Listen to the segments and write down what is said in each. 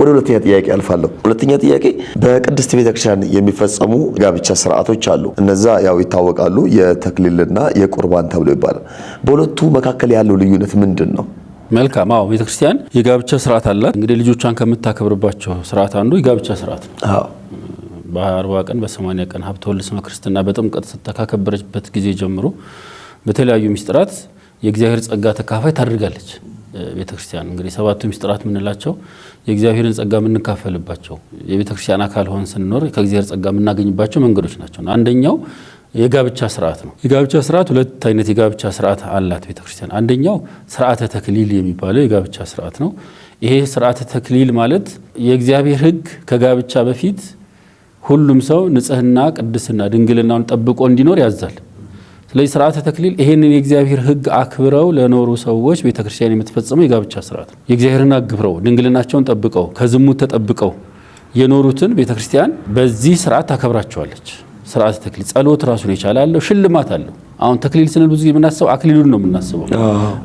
ወደ ሁለተኛ ጥያቄ አልፋለሁ። ሁለተኛ ጥያቄ በቅድስት ቤተክርስቲያን የሚፈጸሙ ጋብቻ ስርዓቶች አሉ። እነዛ ያው ይታወቃሉ፣ የተክሊልና የቁርባን ተብሎ ይባላል። በሁለቱ መካከል ያለው ልዩነት ምንድን ነው? መልካም አዎ፣ ቤተክርስቲያን የጋብቻ ስርዓት አላት። እንግዲህ ልጆቿን ከምታከብርባቸው ስርዓት አንዱ የጋብቻ ስርዓት ነው። በአርባ ቀን በሰማንያ ቀን ሀብተ ወልድ ስመ ክርስትና በጥምቀት ስታከበረችበት ጊዜ ጀምሮ በተለያዩ ሚስጥራት የእግዚአብሔር ጸጋ ተካፋይ ታደርጋለች። ቤተክርስቲያን እንግዲህ ሰባቱ ምስጢራት የምንላቸው የእግዚአብሔርን ጸጋ የምንካፈልባቸው የቤተክርስቲያን አካል ሆን ስንኖር ከእግዚአብሔር ጸጋ የምናገኝባቸው መንገዶች ናቸው። አንደኛው የጋብቻ ስርዓት ነው። የጋብቻ ስርዓት ሁለት አይነት የጋብቻ ስርዓት አላት ቤተክርስቲያን። አንደኛው ስርዓተ ተክሊል የሚባለው የጋብቻ ስርዓት ነው። ይሄ ስርዓተ ተክሊል ማለት የእግዚአብሔር ሕግ ከጋብቻ በፊት ሁሉም ሰው ንጽህና፣ ቅድስና፣ ድንግልናውን ጠብቆ እንዲኖር ያዛል። ስለዚህ ስርዓተ ተክሊል ይሄንን የእግዚአብሔር ሕግ አክብረው ለኖሩ ሰዎች ቤተ ክርስቲያን የምትፈጽመው የጋብቻ ስርዓት ነው። የእግዚአብሔርን አግብረው ድንግልናቸውን ጠብቀው ከዝሙት ተጠብቀው የኖሩትን ቤተ ክርስቲያን በዚህ ስርዓት ታከብራቸዋለች። ስርዓተ ተክሊል ጸሎት ራሱን የቻለ አለው፣ ሽልማት አለው። አሁን ተክሊል ስንል ብዙ ጊዜ የምናስበው አክሊሉን ነው የምናስበው።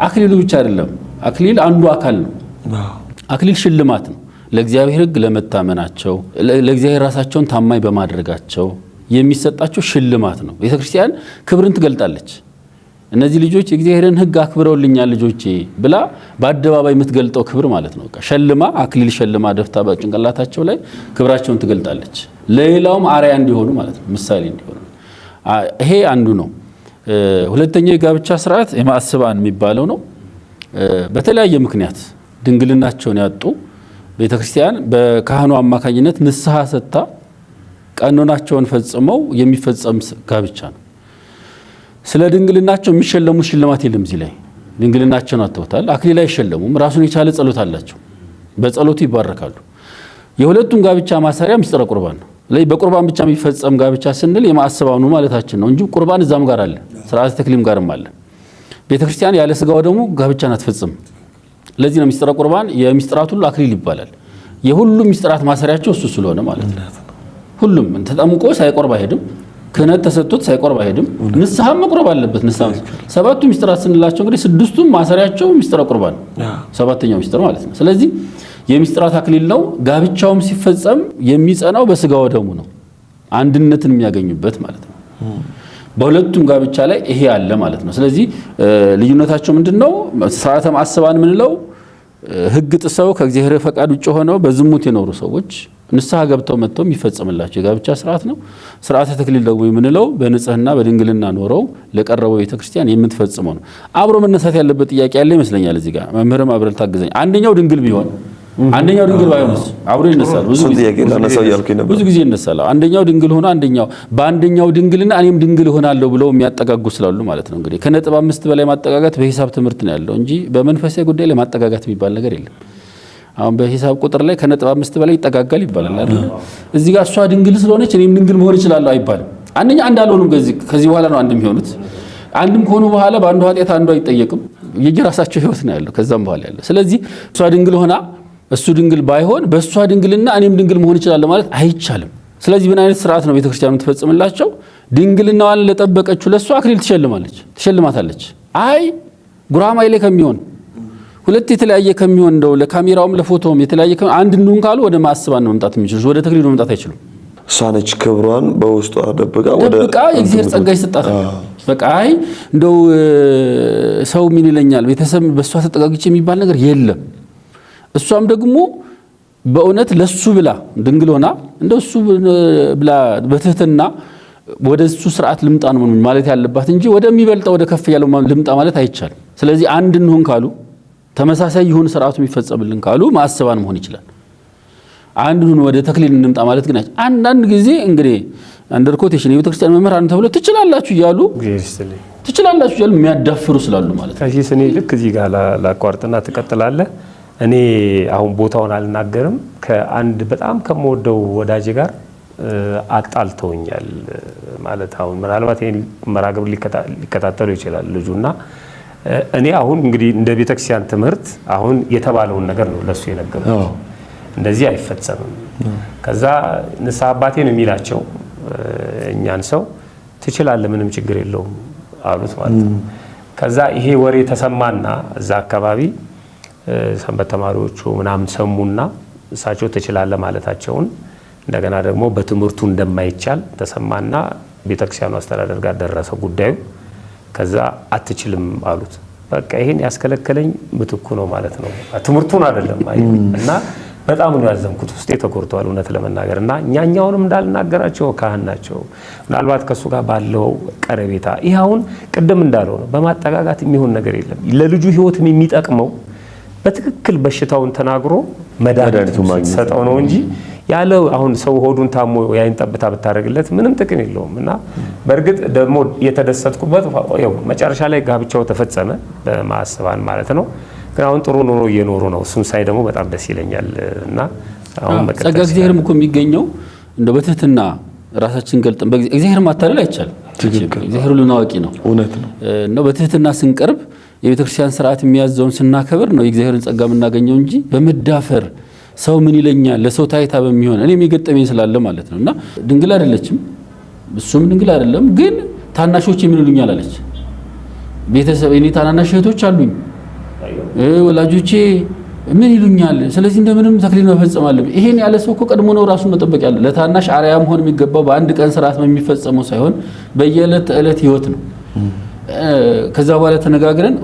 አክሊሉ ብቻ አይደለም፣ አክሊል አንዱ አካል ነው። አክሊል ሽልማት ነው ለእግዚአብሔር ሕግ ለመታመናቸው፣ ለእግዚአብሔር ራሳቸውን ታማኝ በማድረጋቸው የሚሰጣቸው ሽልማት ነው። ቤተ ክርስቲያን ክብርን ትገልጣለች። እነዚህ ልጆች የእግዚአብሔርን ሕግ አክብረውልኛል ልጆቼ ብላ በአደባባይ የምትገልጠው ክብር ማለት ነው። ሸልማ አክሊል ሸልማ ደፍታ በጭንቅላታቸው ላይ ክብራቸውን ትገልጣለች። ለሌላውም አሪያ እንዲሆኑ ማለት ነው፣ ምሳሌ እንዲሆኑ። ይሄ አንዱ ነው። ሁለተኛው የጋብቻ ስርዓት የማስባን የሚባለው ነው። በተለያየ ምክንያት ድንግልናቸውን ያጡ ቤተክርስቲያን በካህኑ አማካኝነት ንስሐ ሰጥታ ቀኖናቸውን ፈጽመው የሚፈጸም ጋብቻ ነው። ስለ ድንግልናቸው የሚሸለሙት ሽልማት የለም። እዚህ ላይ ድንግልናቸውን አጥተውታል። አክሊል አይሸለሙም። ራሱን የቻለ ጸሎት አላቸው። በጸሎቱ ይባረካሉ። የሁለቱም ጋብቻ ማሰሪያ ምስጢረ ቁርባን ነው። ላይ በቁርባን ብቻ የሚፈጸም ጋብቻ ስንል የማዕሰባኑ ማለታችን ነው እንጂ ቁርባን እዛም ጋር አለ፣ ስርዓተ ተክሊም ጋርም አለ። ቤተ ክርስቲያን ያለ ስጋው ደግሞ ጋብቻን አትፈጽም። ለዚህ ነው ምስጢረ ቁርባን የምስጢራት ሁሉ አክሊል ይባላል። የሁሉም ምስጢራት ማሰሪያቸው እሱ ስለሆነ ማለት ነው። ሁሉም ተጠምቆ ሳይቆርብ አይሄድም። ክህነት ተሰጥቶት ሳይቆርብ አይሄድም። ንስሐ መቁረብ አለበት። ንስሐ ሰባቱ ሚስጥራት ስንላቸው እንግዲህ ስድስቱም ማሰሪያቸው ሚስጥረ ቁርባን ሰባተኛው ሚስጥር ማለት ነው። ስለዚህ የሚስጥራት አክሊል ነው። ጋብቻውም ሲፈጸም የሚጸናው በስጋ ወደሙ ነው። አንድነትን የሚያገኙበት ማለት ነው። በሁለቱም ጋብቻ ላይ ይሄ አለ ማለት ነው። ስለዚህ ልዩነታቸው ምንድን ነው? ስርዓተ ማዕሰባን የምንለው ህግ ጥሰው ከእግዚአብሔር ፈቃድ ውጭ ሆነው በዝሙት የኖሩ ሰዎች ንስሐ ገብተው መጥተው የሚፈጸምላቸው የጋብቻ ስርዓት ነው። ስርዓተ ተክሊል ደግሞ የምንለው በንጽህና በድንግልና ኖረው ለቀረበው ቤተክርስቲያን የምትፈጽመው ነው። አብሮ መነሳት ያለበት ጥያቄ ያለ ይመስለኛል። እዚህ ጋር መምህርም አብረን ታግዘኝ። አንደኛው ድንግል ቢሆን አንደኛው ድንግል ባይሆንስ አብሮ ይነሳል። ብዙ ጊዜ ይነሳል። አንደኛው ድንግል ሆኖ አንደኛው በአንደኛው ድንግልና እኔም ድንግል እሆናለሁ ብለው የሚያጠጋጉ ስላሉ ማለት ነው። እንግዲህ ከነጥብ አምስት በላይ ማጠጋጋት በሂሳብ ትምህርት ነው ያለው እንጂ በመንፈሳዊ ጉዳይ ላይ ማጠጋጋት የሚባል ነገር የለም። አሁን በሂሳብ ቁጥር ላይ ከነጥብ አምስት በላይ ይጠጋጋል ይባላል አይደል? እዚህ ጋር እሷ ድንግል ስለሆነች እኔም ድንግል መሆን እችላለሁ አይባልም። አንደኛ አንድ አልሆኑም። ከዚህ በኋላ ነው አንድ የሚሆኑት። አንድም ከሆኑ በኋላ በአንዱ ኃጢአት አንዱ አይጠየቅም። የየራሳቸው ህይወት ነው ያለው ከዛም በኋላ ያለው። ስለዚህ እሷ ድንግል ሆና እሱ ድንግል ባይሆን በእሷ ድንግልና እኔም ድንግል መሆን እችላለሁ ማለት አይቻልም። ስለዚህ ምን አይነት ስርዓት ነው ቤተክርስቲያን የምትፈጽምላቸው? ድንግልናዋን ለጠበቀችው ለእሷ አክሊል ትሸልማለች ትሸልማታለች። አይ ጉራማይሌ ከሚሆን ሁለት የተለያየ ከሚሆን እንደው ለካሜራውም ለፎቶውም የተለያየ አንድ እንሁን ካሉ ወደ ማስባን ነው መምጣት የሚችሉት፣ ወደ ተክሊሉ መምጣት አይችሉም። ሳነች ክብሯን በውስጧ ደብቃ ወደ ደብቃ የእግዚአብሔር ጸጋ ይሰጣት። በቃ አይ እንደው ሰው ምን ይለኛል፣ ቤተሰብ በእሷ ተጠጋግቼ የሚባል ነገር የለም። እሷም ደግሞ በእውነት ለሱ ብላ ድንግል ሆና እንደ እሱ ብላ በትህትና ወደ እሱ ስርዓት ልምጣ ነው ማለት ያለባት እንጂ ወደሚበልጠው ወደ ከፍ ያለው ልምጣ ማለት አይቻልም። ስለዚህ አንድ እንሁን ካሉ ተመሳሳይ ይሁን ስርዓቱ የሚፈጸምልን ካሉ ማሰባን መሆን ይችላል። አንዱን ወደ ተክሊል እንምጣ ማለት ግን አንዳንድ ጊዜ እንግዲህ አንደር ኮቴሽን የቤተክርስቲያን መምህራን ተብሎ ትችላላችሁ እያሉ ትችላላችሁ እያሉ የሚያዳፍሩ ስላሉ ማለት ነው። ከዚህ ስኔ ልክ እዚህ ጋር ላቋርጥና ትቀጥላለህ። እኔ አሁን ቦታውን አልናገርም። ከአንድ በጣም ከምወደው ወዳጄ ጋር አጣልተውኛል ማለት አሁን ምናልባት ይህን መርሃ ሊከታተሉ ይችላል ልጁና እኔ አሁን እንግዲህ እንደ ቤተክርስቲያን ትምህርት አሁን የተባለውን ነገር ነው ለሱ የነገሩት። እንደዚህ አይፈጸምም። ከዛ ንስሐ አባቴ ነው የሚላቸው እኛን ሰው ትችላለ ምንም ችግር የለውም አሉት ማለት ነው። ከዛ ይሄ ወሬ ተሰማና እዛ አካባቢ ሰንበት ተማሪዎቹ ምናምን ሰሙና እሳቸው ትችላለህ ማለታቸውን እንደገና ደግሞ በትምህርቱ እንደማይቻል ተሰማና ቤተክርስቲያኑ አስተዳደር ጋር ደረሰ ጉዳዩ። ከዛ አትችልም አሉት። በቃ ይሄን ያስከለከለኝ ምትኩ ነው ማለት ነው ትምህርቱን አይደለም እና በጣም ነው ያዘንኩት። ውስጤ ተጎድተዋል እውነት ለመናገር እና እኛኛውንም እንዳልናገራቸው ካህን ናቸው። ምናልባት ከእሱ ጋር ባለው ቀረቤታ ይህ አሁን ቅድም እንዳለው ነው። በማጠጋጋት የሚሆን ነገር የለም። ለልጁ ህይወትም የሚጠቅመው በትክክል በሽታውን ተናግሮ መድኃኒቱ ሰጠው ነው እንጂ ያለ አሁን ሰው ሆዱን ታሞ የአይን ጠብታ ብታደርግለት ምንም ጥቅም የለውም። እና በእርግጥ ደግሞ የተደሰትኩበት ያው መጨረሻ ላይ ጋብቻው ተፈጸመ በማስባን ማለት ነው። ግን አሁን ጥሩ ኑሮ እየኖሩ ነው። እሱን ሳይ ደግሞ በጣም ደስ ይለኛል። እና አሁን ጸጋ እግዚአብሔርም እኮ የሚገኘው እንደ በትህትና ራሳችን ገልጠን እግዚአብሔር ማታለል አይቻልም። እግዚአብሔር ሁሉን አዋቂ ነው። እውነት ነው እና በትህትና ስንቀርብ የቤተክርስቲያን ስርዓት የሚያዘውን ስናከብር ነው የእግዚአብሔርን ጸጋ የምናገኘው እንጂ በመዳፈር ሰው ምን ይለኛል ለሰው ታይታ በሚሆን እኔም የገጠመኝ ስላለ ማለት ነው። እና ድንግል አይደለችም፣ እሱም ድንግል አይደለም። ግን ታናሾች ምን ይሉኛል አለች። ቤተሰብ እኔ ታናናሽ እህቶች አሉኝ፣ ወላጆቼ ምን ይሉኛል። ስለዚህ እንደምንም ተክሊል መፈጸማለ። ይሄን ያለ ሰው እኮ ቀድሞ ነው ራሱን መጠበቅ ያለ። ለታናሽ አርያ መሆን የሚገባው በአንድ ቀን ስርዓት የሚፈጸመው ሳይሆን በየዕለት ተዕለት ህይወት ነው። ከዛ በኋላ ተነጋግረን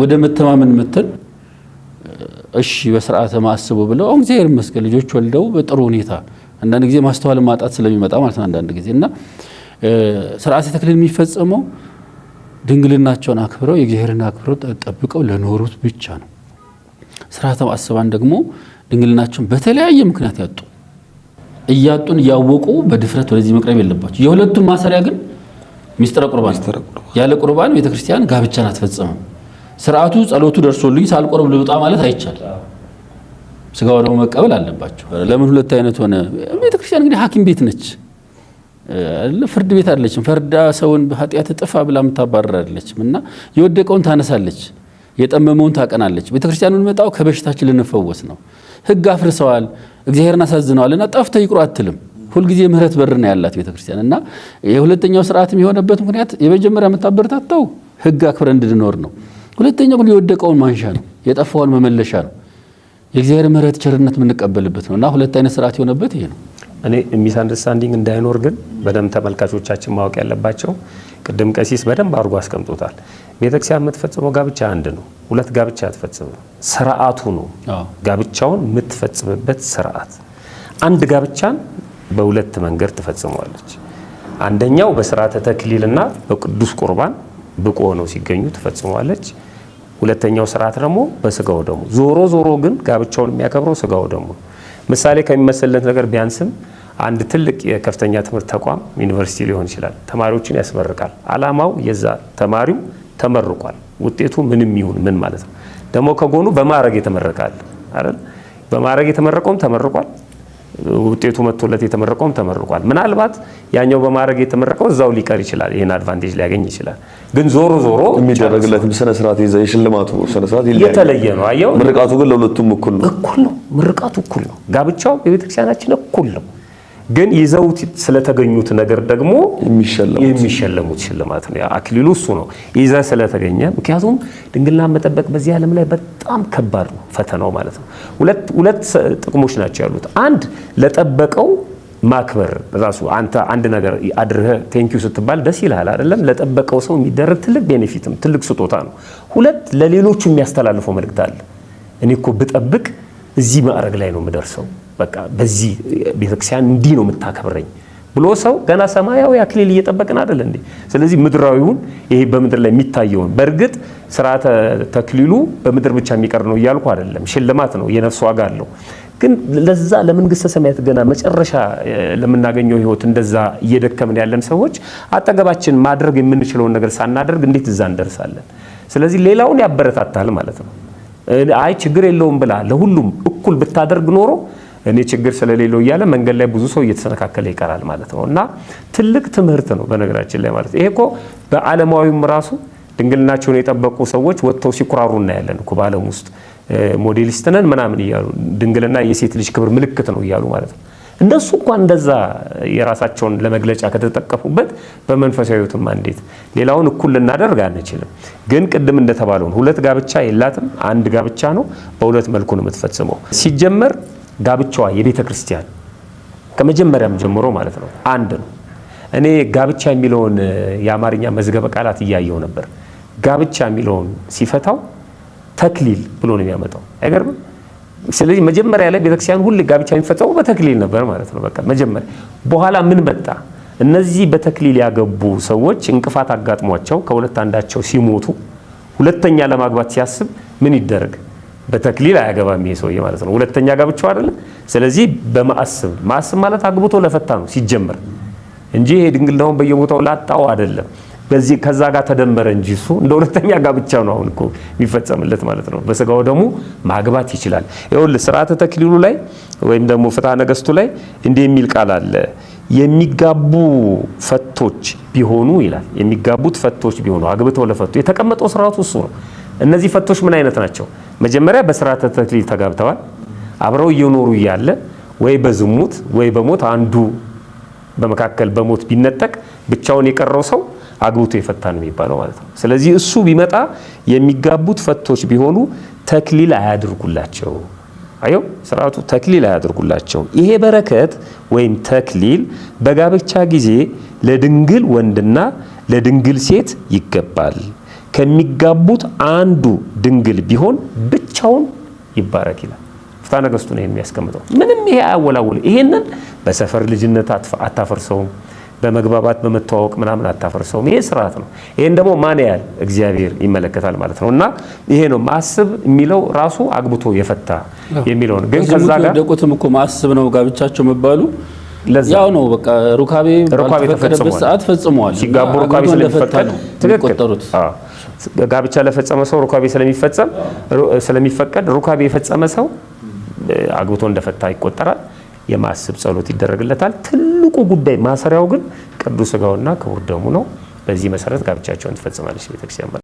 ወደ መተማመን መተን እሺ በስርዓተ ማስቡ ብለው አሁን እግዚአብሔር ይመስገን ልጆች ወልደው በጥሩ ሁኔታ አንዳንድ ጊዜ ማስተዋል ማጣት ስለሚመጣ ማለት ነው። አንዳንድ ጊዜ እና ስርዓተ ተክሊል የሚፈጸመው ድንግልናቸውን አክብረው የእግዚአብሔርን አክብረው ጠብቀው ለኖሩት ብቻ ነው። ስርዓተ ማስባን ደግሞ ድንግልናቸውን በተለያየ ምክንያት ያጡ እያጡን እያወቁ በድፍረት ወደዚህ መቅረብ የለባቸው። የሁለቱም ማሰሪያ ግን ሚስጥረ ቁርባን ያለ ቁርባን ቤተክርስቲያን ጋብቻን አትፈጽምም። ስርዓቱ ጸሎቱ ደርሶልኝ ሳልቆርብ ልውጣ ማለት አይቻል። ስጋ ወደሙ መቀበል አለባቸው። ለምን ሁለት አይነት ሆነ? ቤተክርስቲያን እንግዲህ ሐኪም ቤት ነች፣ ፍርድ ቤት አይደለችም። ፈርዳ ሰውን በኃጢአት ጥፋ ብላ የምታባረር አይደለችም። እና የወደቀውን ታነሳለች፣ የጠመመውን ታቀናለች። ቤተክርስቲያን የምንመጣው ከበሽታችን ልንፈወስ ነው። ህግ አፍርሰዋል፣ እግዚአብሔርን አሳዝነዋል። እና ጠፍተህ ይቁር አትልም። ሁልጊዜ ምህረት በር ነው ያላት ቤተክርስቲያን። እና የሁለተኛው ስርዓትም የሆነበት ምክንያት የመጀመሪያ የምታበረታተው ህግ አክብረ እንድንኖር ነው። ሁለተኛው ግን የወደቀውን ማንሻ ነው፣ የጠፋውን መመለሻ ነው። የእግዚአብሔር ምሕረት ቸርነት የምንቀበልበት ነው እና ሁለት አይነት ስርዓት የሆነበት ይሄ ነው። እኔ ሚስ አንደርስታንዲንግ እንዳይኖር ግን በደንብ ተመልካቾቻችን ማወቅ ያለባቸው ቅድም ቀሲስ በደንብ አድርጎ አስቀምጦታል። ቤተክርስቲያን የምትፈጽመው ጋብቻ አንድ ነው፣ ሁለት ጋብቻ አትፈጽምም። ስርዓቱ ነው ጋብቻውን የምትፈጽምበት ስርዓት። አንድ ጋብቻን በሁለት መንገድ ትፈጽመዋለች። አንደኛው በስርዓተ ተክሊልና በቅዱስ ቁርባን ብቁ ሆነው ሲገኙ ትፈጽሟለች። ሁለተኛው ስርዓት ደግሞ በስጋው ደግሞ ዞሮ ዞሮ ግን ጋብቻውን የሚያከብረው ስጋው ደግሞ ምሳሌ ከሚመስልለት ነገር ቢያንስም አንድ ትልቅ የከፍተኛ ትምህርት ተቋም ዩኒቨርሲቲ ሊሆን ይችላል። ተማሪዎችን ያስመርቃል። አላማው የዛ ተማሪው ተመርቋል። ውጤቱ ምንም ይሁን ምን ማለት ነው። ደግሞ ከጎኑ በማድረግ የተመረቃል አይደል? በማዕረግ የተመረቀውም ተመርቋል። ውጤቱ መጥቶለት የተመረቀውም ተመርቋል። ምናልባት ያኛው በማድረግ የተመረቀው እዛው ሊቀር ይችላል። ይህን አድቫንቴጅ ሊያገኝ ይችላል። ግን ዞሮ ዞሮ የሚደረግለትም ስነ ይዘ የሽልማቱ ስነ የተለየ ነው። አየው ምርቃቱ ግን ለሁለቱም እኩል ነው። እኩል ነው። ምርቃቱ እኩል ነው። ጋብቻው የቤተክርስቲያናችን እኩል ነው። ግን ይዘውት ስለተገኙት ነገር ደግሞ የሚሸለሙት ሽልማት ነው። አክሊሉ እሱ ነው ይዘ ስለተገኘ። ምክንያቱም ድንግልና መጠበቅ በዚህ ዓለም ላይ በጣም ከባድ ነው፣ ፈተናው ማለት ነው። ሁለት ጥቅሞች ናቸው ያሉት። አንድ ለጠበቀው ማክበር ራሱ አንተ አንድ ነገር አድርህ ቴንኪዩ ስትባል ደስ ይልሃል አይደለም? ለጠበቀው ሰው የሚደረግ ትልቅ ቤኔፊትም ትልቅ ስጦታ ነው። ሁለት ለሌሎቹ የሚያስተላልፈው መልእክት አለ። እኔ እኮ ብጠብቅ እዚህ ማዕረግ ላይ ነው የምደርሰው በቃ በዚህ ቤተክርስቲያን እንዲህ ነው የምታከብረኝ ብሎ ሰው ገና ሰማያዊ አክሊል እየጠበቅን አይደለ እንዴ? ስለዚህ ምድራዊውን ይሄ በምድር ላይ የሚታየውን በእርግጥ ስርዓተ ተክሊሉ በምድር ብቻ የሚቀር ነው እያልኩ አይደለም። ሽልማት ነው፣ የነፍስ ዋጋ አለው። ግን ለዛ ለመንግስተ ሰማያት ገና መጨረሻ ለምናገኘው ህይወት እንደዛ እየደከምን ያለን ሰዎች አጠገባችን ማድረግ የምንችለውን ነገር ሳናደርግ እንዴት እዛ እንደርሳለን? ስለዚህ ሌላውን ያበረታታል ማለት ነው። አይ ችግር የለውም ብላ ለሁሉም እኩል ብታደርግ ኖሮ እኔ ችግር ስለሌለው እያለ መንገድ ላይ ብዙ ሰው እየተሰነካከለ ይቀራል ማለት ነው። እና ትልቅ ትምህርት ነው በነገራችን ላይ ማለት ይሄ እኮ በዓለማዊም ራሱ ድንግልናቸውን የጠበቁ ሰዎች ወጥተው ሲኩራሩ እናያለን እኮ በዓለም ውስጥ ሞዴሊስት ነን ምናምን እያሉ ድንግልና የሴት ልጅ ክብር ምልክት ነው እያሉ ማለት ነው። እንደሱ እንኳን እንደዛ የራሳቸውን ለመግለጫ ከተጠቀሙበት በመንፈሳዊ ሕይወትማ እንዴት ሌላውን እኩል ልናደርግ አንችልም። ግን ቅድም እንደተባለውን ሁለት ጋብቻ የላትም፣ አንድ ጋብቻ ነው። በሁለት መልኩ ነው የምትፈጽመው ሲጀመር ጋብቻዋ የቤተ ክርስቲያን ከመጀመሪያም ጀምሮ ማለት ነው አንድ ነው። እኔ ጋብቻ የሚለውን የአማርኛ መዝገበ ቃላት እያየው ነበር። ጋብቻ የሚለውን ሲፈታው ተክሊል ብሎ ነው የሚያመጣው። አይገርምም? ስለዚህ መጀመሪያ ላይ ቤተክርስቲያን ሁሌ ጋብቻ የሚፈታው በተክሊል ነበር ማለት ነው። በቃ መጀመሪያ። በኋላ ምን መጣ? እነዚህ በተክሊል ያገቡ ሰዎች እንቅፋት አጋጥሟቸው ከሁለት አንዳቸው ሲሞቱ፣ ሁለተኛ ለማግባት ሲያስብ ምን ይደረግ በተክሊል አያገባም ይሄ ሰውዬ ማለት ነው። ሁለተኛ ጋብቻው አይደለም። ስለዚህ በማስብ ማስብ ማለት አግብቶ ለፈታ ነው ሲጀምር እንጂ ይሄ ድንግልናውን በየቦታው ላጣው አይደለም። በዚህ ከዛ ጋር ተደመረ እንጂ እሱ እንደ ሁለተኛ ጋብቻ ነው አሁን እኮ የሚፈጸምለት ማለት ነው። በስጋው ደግሞ ማግባት ይችላል። ይኸውልህ ስርዓተ ተክሊሉ ላይ ወይም ደግሞ ፍትሐ ነገስቱ ላይ እንዲህ የሚል ቃል አለ የሚጋቡ ፈቶች ቢሆኑ ይላል። የሚጋቡት ፈቶች ቢሆኑ አግብተው ለፈቱ የተቀመጠው ስርዓቱ እሱ ነው። እነዚህ ፈቶች ምን አይነት ናቸው? መጀመሪያ በስርዓተ ተክሊል ተጋብተዋል። አብረው እየኖሩ እያለ ወይ በዝሙት ወይ በሞት አንዱ በመካከል በሞት ቢነጠቅ ብቻውን የቀረው ሰው አግብቶ የፈታ ነው የሚባለው ማለት ነው። ስለዚህ እሱ ቢመጣ የሚጋቡት ፈቶች ቢሆኑ ተክሊል አያድርጉላቸው። አየው ስርዓቱ ተክሊል አያድርጉላቸው። ይሄ በረከት ወይም ተክሊል በጋብቻ ጊዜ ለድንግል ወንድና ለድንግል ሴት ይገባል። ከሚጋቡት አንዱ ድንግል ቢሆን ብቻውን ይባረክ ይላል። ፍትሐ ነገሥቱ ነው የሚያስቀምጠው። ምንም ይሄ አያወላውል። ይሄንን በሰፈር ልጅነት አታፈርሰውም። በመግባባት በመተዋወቅ ምናምን አታፈርሰውም። ይሄ ስርዓት ነው። ይሄን ደግሞ ማን ያህል እግዚአብሔር ይመለከታል ማለት ነው። እና ይሄ ነው ማስብ የሚለው ራሱ አግብቶ የፈታ የሚለው ነው። ግን ከዛ ጋር ደቁትም እኮ ማስብ ነው ጋብቻቸው መባሉ ያው ነው በቃ ሩካቤ ባልተፈቀደበት ሰዓት ፈጽመዋል። ሲጋቡ ሩካቤ ስለሚፈቀድ ትክክል ጋብቻ ለፈጸመ ሰው ሩካቤ ስለሚፈጸም ስለሚፈቀድ ሩካቤ የፈጸመ ሰው አግብቶ እንደፈታ ይቆጠራል። የማስብ ጸሎት ይደረግለታል። ትልቁ ጉዳይ ማሰሪያው ግን ቅዱስ ስጋውና ክቡር ደሙ ነው። በዚህ መሰረት ጋብቻቸውን ትፈጽማለች ቤተክርስቲያን።